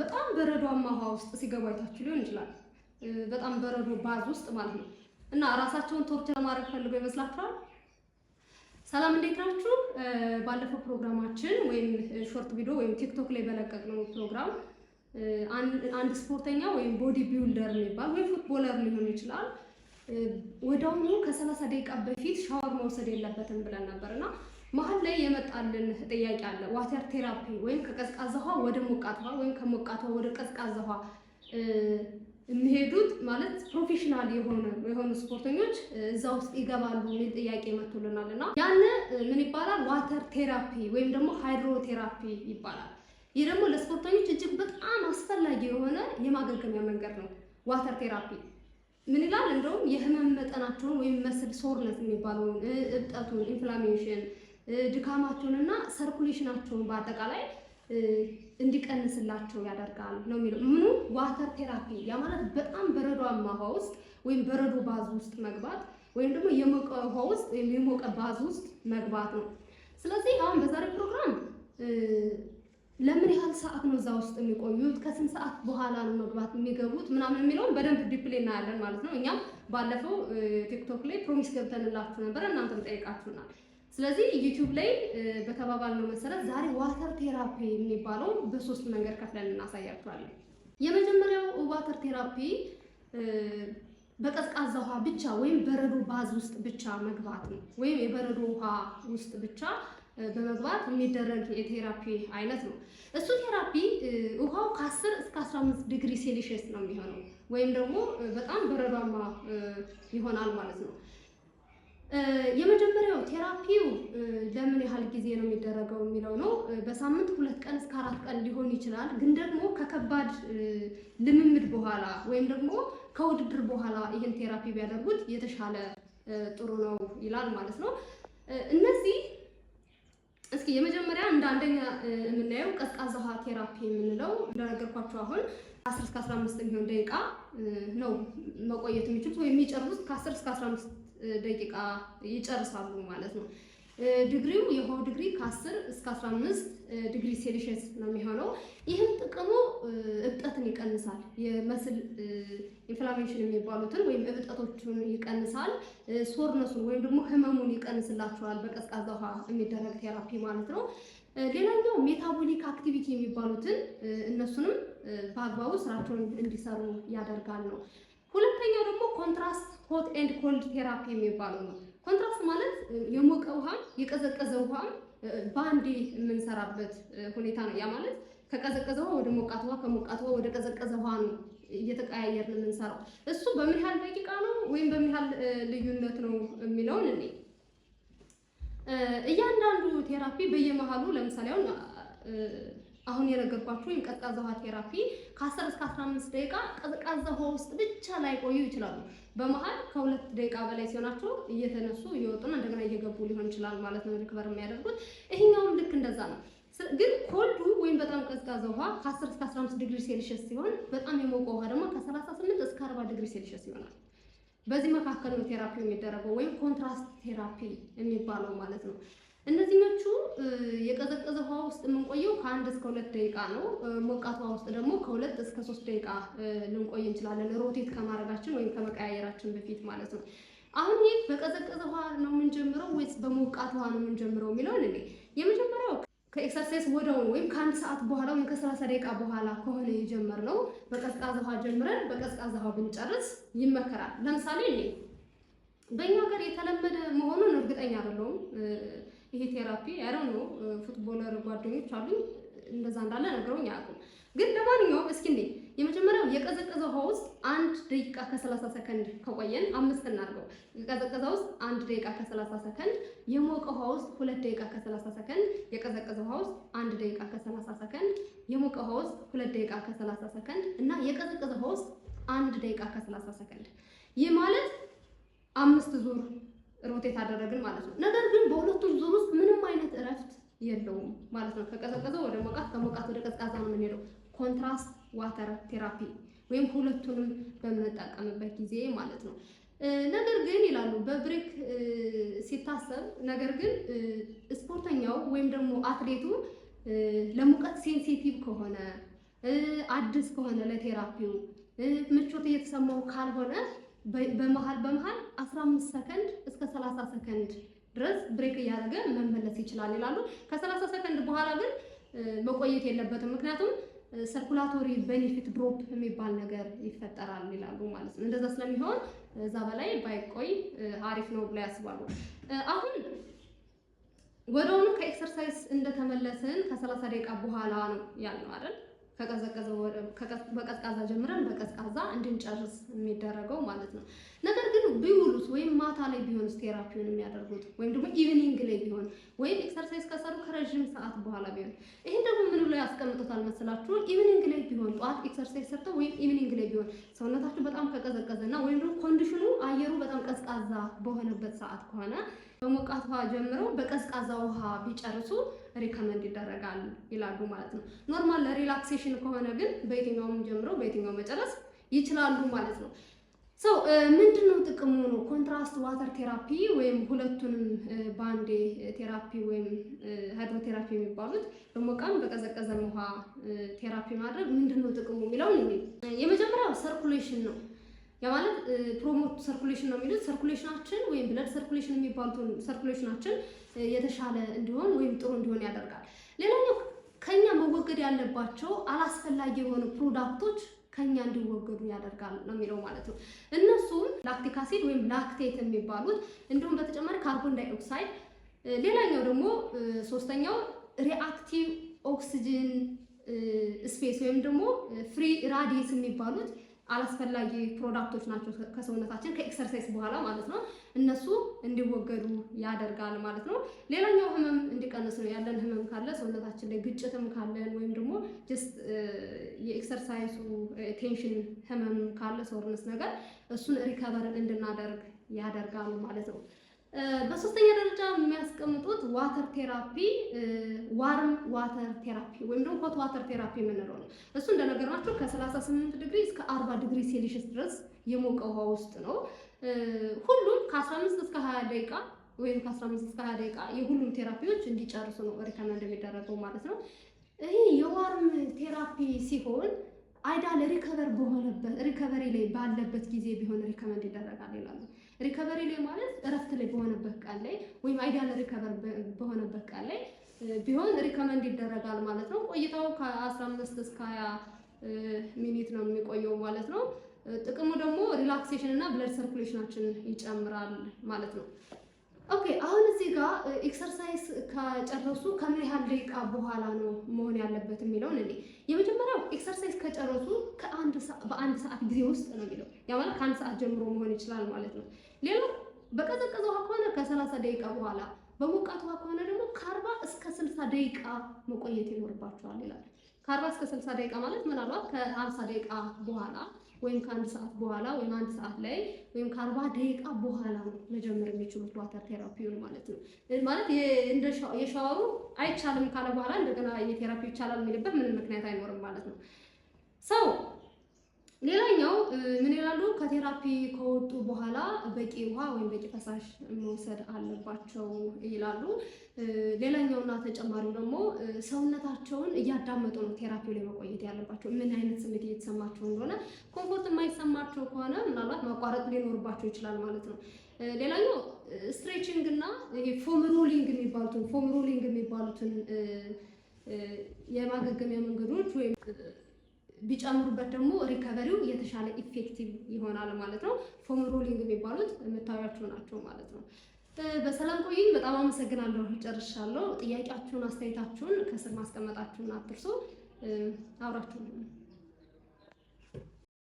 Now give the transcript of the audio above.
በጣም በረዷማ ውሃ ውስጥ ሲገቡ አይታችሁ ሊሆን ይችላል። በጣም በረዶ ባዝ ውስጥ ማለት ነው። እና ራሳቸውን ቶርቸር ማድረግ ፈልገው ይመስላችኋል? ሰላም እንዴት ናችሁ? ባለፈው ፕሮግራማችን ወይም ሾርት ቪዲዮ ወይም ቲክቶክ ላይ በለቀቅነው ፕሮግራም አንድ ስፖርተኛ ወይም ቦዲ ቢውልደር የሚባል ወይም ፉትቦለር ሊሆን ይችላል ወዲያውኑ ከሰላሳ ደቂቃ በፊት ሻወር መውሰድ የለበትም ብለን ነበር እና መሀል ላይ የመጣልን ጥያቄ አለ። ዋተር ቴራፒ ወይም ከቀዝቃዛ ውሃ ወደ ሞቃት ውሃ ወይም ከሞቃት ውሃ ወደ ቀዝቃዛ ውሃ የሚሄዱት ማለት ፕሮፌሽናል የሆነ የሆኑ ስፖርተኞች እዛ ውስጥ ይገባሉ የሚል ጥያቄ መጥቶልናል እና ያን ምን ይባላል ዋተር ቴራፒ ወይም ደግሞ ሃይድሮቴራፒ ይባላል። ይህ ደግሞ ለስፖርተኞች እጅግ በጣም አስፈላጊ የሆነ የማገገሚያ መንገድ ነው። ዋተር ቴራፒ ምን ይላል? እንደውም የህመም መጠናቸውን ወይም መስል ሶርነት የሚባለውን እብጠቱን ኢንፍላሜሽን ድካማቸውንና ሰርኩሌሽናቸውን በአጠቃላይ እንዲቀንስላቸው ያደርጋል ነው የሚለው። ምኑ ዋተር ቴራፒ ያ ማለት በጣም በረዷማ ውሃ ውስጥ ወይም በረዶ ባዝ ውስጥ መግባት ወይም ደግሞ የሞቀ ውሃ ውስጥ ወይም የሞቀ ባዝ ውስጥ መግባት ነው። ስለዚህ አሁን በዛሬ ፕሮግራም ለምን ያህል ሰዓት ነው እዛ ውስጥ የሚቆዩት፣ ከስንት ሰዓት በኋላ ነው መግባት የሚገቡት ምናምን የሚለውን በደንብ ዲፕሌ እናያለን ማለት ነው። እኛም ባለፈው ቲክቶክ ላይ ፕሮሚስ ገብተንላችሁ ነበረ እናንተም ጠይቃችሁናል። ስለዚህ ዩቲዩብ ላይ በተባባልነው መሰረት ዛሬ ዋተር ቴራፒ የሚባለው በሶስት መንገድ ከፍለን እናሳያችኋለን። የመጀመሪያው ዋተር ቴራፒ በቀዝቃዛ ውሃ ብቻ ወይም በረዶ ባዝ ውስጥ ብቻ መግባት ነው። ወይም የበረዶ ውሃ ውስጥ ብቻ በመግባት የሚደረግ የቴራፒ አይነት ነው። እሱ ቴራፒ ውሃው ከ10 እስከ 15 ዲግሪ ሴልሽስ ነው የሚሆነው ወይም ደግሞ በጣም በረዷማ ይሆናል ማለት ነው። የመጀመሪያው ቴራፒው ለምን ያህል ጊዜ ነው የሚደረገው የሚለው ነው። በሳምንት ሁለት ቀን እስከ አራት ቀን ሊሆን ይችላል። ግን ደግሞ ከከባድ ልምምድ በኋላ ወይም ደግሞ ከውድድር በኋላ ይህን ቴራፒ ቢያደርጉት የተሻለ ጥሩ ነው ይላል ማለት ነው። እነዚህ እስኪ የመጀመሪያ እንደ አንደኛ የምናየው ቀዝቃዛ ውሃ ቴራፒ የምንለው እንደነገርኳቸው አሁን ከ10 እስከ 15 የሚሆን ደቂቃ ነው መቆየት የሚችሉት ወይም የሚጨርሱት ከ10 እስከ 15 ደቂቃ ይጨርሳሉ ማለት ነው። ዲግሪው የውሃው ዲግሪ ከ10 እስከ 15 ዲግሪ ሴልሽስ ነው የሚሆነው። ይህም ጥቅሙ እብጠትን ይቀንሳል። የመስል ኢንፍላሜሽን የሚባሉትን ወይም እብጠቶቹን ይቀንሳል። ሶርነሱን ወይም ደግሞ ህመሙን ይቀንስላቸዋል። በቀዝቃዛ ውሃ የሚደረግ ቴራፒ ማለት ነው። ሌላኛው ሜታቦሊክ አክቲቪቲ የሚባሉትን እነሱንም በአግባቡ ስራቸውን እንዲሰሩ ያደርጋል ነው። ሁለተኛው ደግሞ ኮንትራስት ሆት ኤንድ ኮልድ ቴራፒ የሚባለው ነው። ኮንትራስት ማለት የሞቀ ውሃ የቀዘቀዘ ውሃ በአንዴ የምንሰራበት ሁኔታ ነው። ያ ማለት ከቀዘቀዘ ውሃ ወደ ሞቃት ውሃ፣ ከሞቃት ውሃ ወደ ቀዘቀዘ ውሃ ነው እየተቀያየርን የምንሰራው። እሱ በምን ያህል ደቂቃ ነው ወይም በምን ያህል ልዩነት ነው የሚለውን እኔ እያንዳንዱ ቴራፒ በየመሃሉ ለምሳሌ አሁን አሁን የነገርኳችሁ ወይም ቀዝቃዛ ውሃ ቴራፒ ከ10 እስከ 15 ደቂቃ ቀዝቃዛ ውሃ ውስጥ ብቻ ላይቆዩ ይችላሉ። በመሀል ከሁለት ደቂቃ በላይ ሲሆናቸው እየተነሱ እየወጡና እንደገና እየገቡ ሊሆን ይችላል ማለት ነው ሪከቨር የሚያደርጉት። ይሄኛውም ልክ እንደዛ ነው። ግን ኮልዱ ወይም በጣም ቀዝቃዛ ውሃ ከ10 እስከ 15 ዲግሪ ሴልሺየስ ሲሆን በጣም የሞቀ ውሃ ደግሞ ከ38 እስከ 40 ዲግሪ ሴልሺየስ ይሆናል። በዚህ መካከል ነው ቴራፒው የሚደረገው ወይም ኮንትራስት ቴራፒ የሚባለው ማለት ነው። እነዚህኞቹ የቀዘቀዘ ውሃ ውስጥ የምንቆየው ከአንድ እስከ ሁለት ደቂቃ ነው። ሞቃት ውሃ ውስጥ ደግሞ ከሁለት እስከ ሶስት ደቂቃ ልንቆይ እንችላለን፣ ሮቴት ከማድረጋችን ወይም ከመቀያየራችን በፊት ማለት ነው። አሁን ይህ በቀዘቀዘ ውሃ ነው የምንጀምረው ወይስ በሞቃት ውሃ ነው የምንጀምረው የሚለውን እኔ የመጀመሪያው ከኤክሰርሳይዝ ወደውን ወይም ከአንድ ሰዓት በኋላ ወይም ከሰላሳ ደቂቃ በኋላ ከሆነ የጀመርነው በቀዝቃዘ ውሃ ጀምረን በቀዝቃዘ ውሃ ብንጨርስ ይመከራል። ለምሳሌ እኔ በእኛ ሀገር የተለመደ መሆኑን እርግጠኛ አይደለሁም ይሄ ቴራፒ ያረው ነው። ፉትቦለር ጓደኞች አሉኝ እንደዛ እንዳለ ነግረውኝ አያውቁም። ግን ለማንኛውም እስኪ እንዴ የመጀመሪያው የቀዘቀዘ ውሃ ውስጥ አንድ ደቂቃ ከ30 ሰከንድ ከቆየን አምስት እናድርገው። የቀዘቀዘ ውስጥ አንድ ደቂቃ ከ30 ሰከንድ፣ የሞቀ ውሃ ውስጥ ሁለት ደቂቃ ከ30 ሰከንድ፣ የቀዘቀዘ ውሃ ውስጥ አንድ ደቂቃ ከ30 ሰከንድ፣ የሞቀ ውሃ ውስጥ ሁለት ደቂቃ ከ30 ሰከንድ እና የቀዘቀዘ ውሃ ውስጥ አንድ ደቂቃ ከ30 ሰከንድ። ይህ ማለት አምስት ዙር ሮቴት አደረግን ማለት ነው። ነገር ግን በሁለቱም ዙር ውስጥ ምንም አይነት እረፍት የለውም ማለት ነው። ከቀዘቀዘ ወደ ሞቃት፣ ከሞቃት ወደ ቀዝቃዛ ነው የምንሄደው። ኮንትራስት ዋተር ቴራፒ ወይም ሁለቱንም በምንጠቀምበት ጊዜ ማለት ነው። ነገር ግን ይላሉ በብሬክ ሲታሰብ፣ ነገር ግን ስፖርተኛው ወይም ደግሞ አትሌቱ ለሙቀት ሴንሲቲቭ ከሆነ አዲስ ከሆነ ለቴራፒው ምቾት እየተሰማው ካልሆነ በመሀል በመሀል 15 ሰከንድ እስከ 30 ሰከንድ ድረስ ብሬክ እያደረገ መመለስ ይችላል ይላሉ። ከ30 ሰከንድ በኋላ ግን መቆየት የለበትም ምክንያቱም ሰርኩላቶሪ ቤኒፊት ድሮፕ የሚባል ነገር ይፈጠራል ይላሉ ማለት ነው። እንደዛ ስለሚሆን እዛ በላይ ባይቆይ አሪፍ ነው ብሎ ያስባሉ። አሁን ወደውኑ ከኤክሰርሳይዝ እንደተመለስን ከ30 ደቂቃ በኋላ ነው ያለው አይደል? ከቀዘቀዘ በቀዝቃዛ ጀምረን በቀዝቃዛ እንድንጨርስ የሚደረገው ማለት ነው። ነገር ቢውሉት ወይም ማታ ላይ ቢሆን ስቴራፒውን የሚያደርጉት ወይም ደግሞ ኢቭኒንግ ላይ ቢሆን ወይም ኤክሰርሳይዝ ከሰሩ ከረዥም ሰዓት በኋላ ቢሆን። ይሄን ደግሞ ምን ብለው ያስቀምጡታል መስላችሁ? ኢቭኒንግ ላይ ቢሆን ጠዋት ኤክሰርሳይዝ ሰርተው ወይም ኢቭኒንግ ላይ ቢሆን ሰውነታችሁ በጣም ከቀዘቀዘና ወይም ደግሞ ኮንዲሽኑ አየሩ በጣም ቀዝቃዛ በሆነበት ሰዓት ከሆነ በሞቃት ውሃ ጀምረው በቀዝቃዛ ውሃ ቢጨርሱ ሪከመንድ ይደረጋል ይላሉ ማለት ነው። ኖርማል ለሪላክሴሽን ከሆነ ግን በየትኛውም ጀምረው በየትኛው መጨረስ ይችላሉ ማለት ነው። ሰው uh, ምንድነው ጥቅሙ ነው ኮንትራስት ዋተር ቴራፒ ወይም ሁለቱንም ባንዴ uh, ቴራፒ ወይም uh, ሃይድሮቴራፒ የሚባሉት በሞቃም በቀዘቀዘም ውሃ ቴራፒ ማድረግ ምንድነው ጥቅሙ የሚለውን የመጀመሪያው ሰርኩሌሽን ነው የማለት ፕሮሞት ሰርኩሌሽን ነው የሚሉት ሰርኩሌሽናችን ወይም ብለድ ሰርኩሌሽን የሚባሉትን ሰርኩሌሽናችን የተሻለ እንዲሆን ወይም ጥሩ እንዲሆን ያደርጋል። ሌላኛው ከኛ መወገድ ያለባቸው አላስፈላጊ የሆኑ ፕሮዳክቶች ከኛ እንዲወገዱ ያደርጋል ነው የሚለው ማለት ነው። እነሱም ላክቲክ አሲድ ወይም ላክቴት የሚባሉት እንዲሁም በተጨማሪ ካርቦን ዳይኦክሳይድ፣ ሌላኛው ደግሞ ሶስተኛው ሪአክቲቭ ኦክሲጅን ስፔስ ወይም ደግሞ ፍሪ ራዲየስ የሚባሉት አላስፈላጊ ፕሮዳክቶች ናቸው ከሰውነታችን ከኤክሰርሳይዝ በኋላ ማለት ነው። እነሱ እንዲወገዱ ያደርጋል ማለት ነው። ሌላኛው ህመም እንዲቀንስ ነው። ያለን ህመም ካለ ሰውነታችን ላይ ግጭትም ካለን ወይም ደግሞ ጀስት የኤክሰርሳይሱ ቴንሽን ህመም ካለ ሰውነት ነገር እሱን ሪከቨርን እንድናደርግ ያደርጋል ማለት ነው። በሶስተኛ ደረጃ የሚያስቀምጡት ዋተር ቴራፒ ዋርም ዋተር ቴራፒ ወይም ደግሞ ሆት ዋተር ቴራፒ የምንለው ነው። እሱ እንደነገርናችሁ ከ38 ዲግሪ እስከ 40 ዲግሪ ሴልሺየስ ድረስ የሞቀ ውሃ ውስጥ ነው። ሁሉም ከ15 እስከ 20 ደቂቃ ወይም ከ15 እስከ 20 ደቂቃ የሁሉም ቴራፒዎች እንዲጨርሱ ነው ሪከመንድ የሚደረገው ማለት ነው። ይሄ የዋርም ቴራፒ ሲሆን አይዳል ሪከቨር በሆነበት ሪከቨሪ ላይ ባለበት ጊዜ ቢሆን ሪከመንድ ይደረጋል ይላሉ። ሪከቨሪ ላይ ማለት እረፍት ላይ በሆነበት ቀን ላይ ወይም አይዳል ሪከቨር በሆነበት ቀን ላይ ቢሆን ሪከመንድ ይደረጋል ማለት ነው። ቆይታው ከ15 እስከ 20 ሚኒት ነው የሚቆየው ማለት ነው። ጥቅሙ ደግሞ ሪላክሴሽን እና ብለድ ሰርኩሌሽናችን ይጨምራል ማለት ነው። ኦኬ አሁን እዚህ ጋር ኤክሰርሳይዝ ከጨረሱ ከምን ያህል ደቂቃ በኋላ ነው መሆን ያለበት የሚለውን እኔ የመጀመሪያው ኤክሰርሳይዝ ከጨረሱ በአንድ ሰዓት ጊዜ ውስጥ ነው የሚለው ያ ማለት ከአንድ ሰዓት ጀምሮ መሆን ይችላል ማለት ነው። ሌላው በቀዘቀዘ ውሃ ከሆነ ከሰላሳ ደቂቃ በኋላ በሞቃት ውሃ ከሆነ ደግሞ ከአርባ እስከ ስልሳ ደቂቃ መቆየት ይኖርባቸዋል ይላል። ከአርባ እስከ ስልሳ ደቂቃ ማለት ምናልባት ከአምሳ ደቂቃ በኋላ ወይም ከአንድ ሰዓት በኋላ ወይም አንድ ሰዓት ላይ ወይም ከአርባ ደቂቃ በኋላ ነው መጀመር የሚችሉት ዋተር ቴራፒውን ማለት ነው። ማለት የሻወሩ አይቻልም ካለ በኋላ እንደገና የቴራፒ ይቻላል የሚልበት ምንም ምክንያት አይኖርም ማለት ነው ሰው ሌላኛው ምን ይላሉ? ከቴራፒ ከወጡ በኋላ በቂ ውሃ ወይም በቂ ፈሳሽ መውሰድ አለባቸው ይላሉ። ሌላኛውና ተጨማሪው ደግሞ ሰውነታቸውን እያዳመጡ ነው ቴራፒው ላይ መቆየት ያለባቸው። ምን አይነት ስሜት እየተሰማቸው እንደሆነ ኮምፎርት የማይሰማቸው ከሆነ ምናልባት ማቋረጥ ሊኖርባቸው ይችላል ማለት ነው። ሌላኛው ስትሬችንግ እና ፎም ሮሊንግ የሚባሉትን ፎም ሮሊንግ የሚባሉትን የማገገሚያ መንገዶች ወይም ቢጨምሩበት ደግሞ ሪከቨሪው የተሻለ ኢፌክቲቭ ይሆናል ማለት ነው። ፎም ሮሊንግ የሚባሉት የምታዩቸው ናቸው ማለት ነው። በሰላም ቆይኝ። በጣም አመሰግናለሁ። ጨርሻለሁ። ጥያቄያችሁን፣ አስተያየታችሁን ከስር ማስቀመጣችሁን አትርሱ። አብራችሁ